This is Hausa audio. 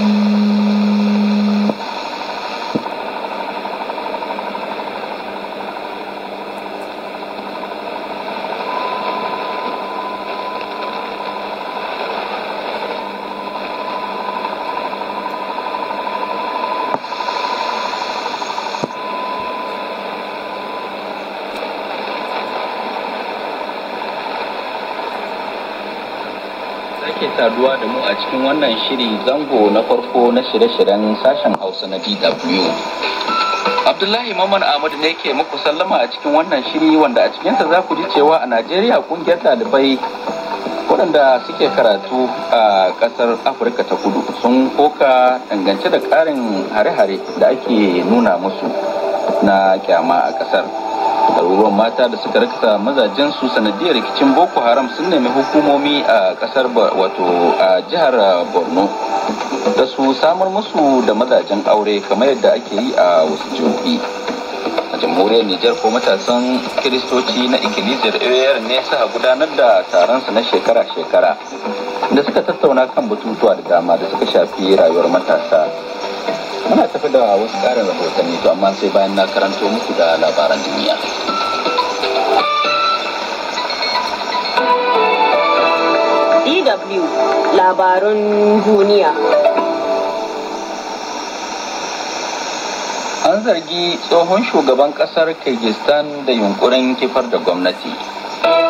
Mm-hmm. sake saduwa da mu a cikin wannan shiri zango na farko na shirye-shiryen sashen hausa na DW. Abdullahi Mamman Ahmad ne ke muku sallama a cikin wannan shiri wanda a cikinsa za ku ji cewa a Najeriya kungiyar ɗalibai waɗanda suke karatu a ƙasar Afirka ta kudu sun koka dangance da ƙarin hare-hare da ake nuna musu na kyama a ƙasar. ɗaruruwan mata da suka rikta mazajen su sanadiyar rikicin boko haram sun nemi hukumomi a ƙasar wato a jihar borno da su samar musu da mazajen aure kamar yadda ake yi a wasu jihohi a jamhuriyar nijar ko matasan kiristoci na ikilisiyar ayyar ne suka gudanar da taron su na shekara-shekara da suka tattauna kan batutuwa da dama da suka shafi rayuwar matasa muna tafi da wasu ƙarin rahotanni to amma sai bayan na karanto muku da labaran duniya DW labaran duniya an zargi tsohon shugaban ƙasar kyrgyzstan da yunkurin kifar da gwamnati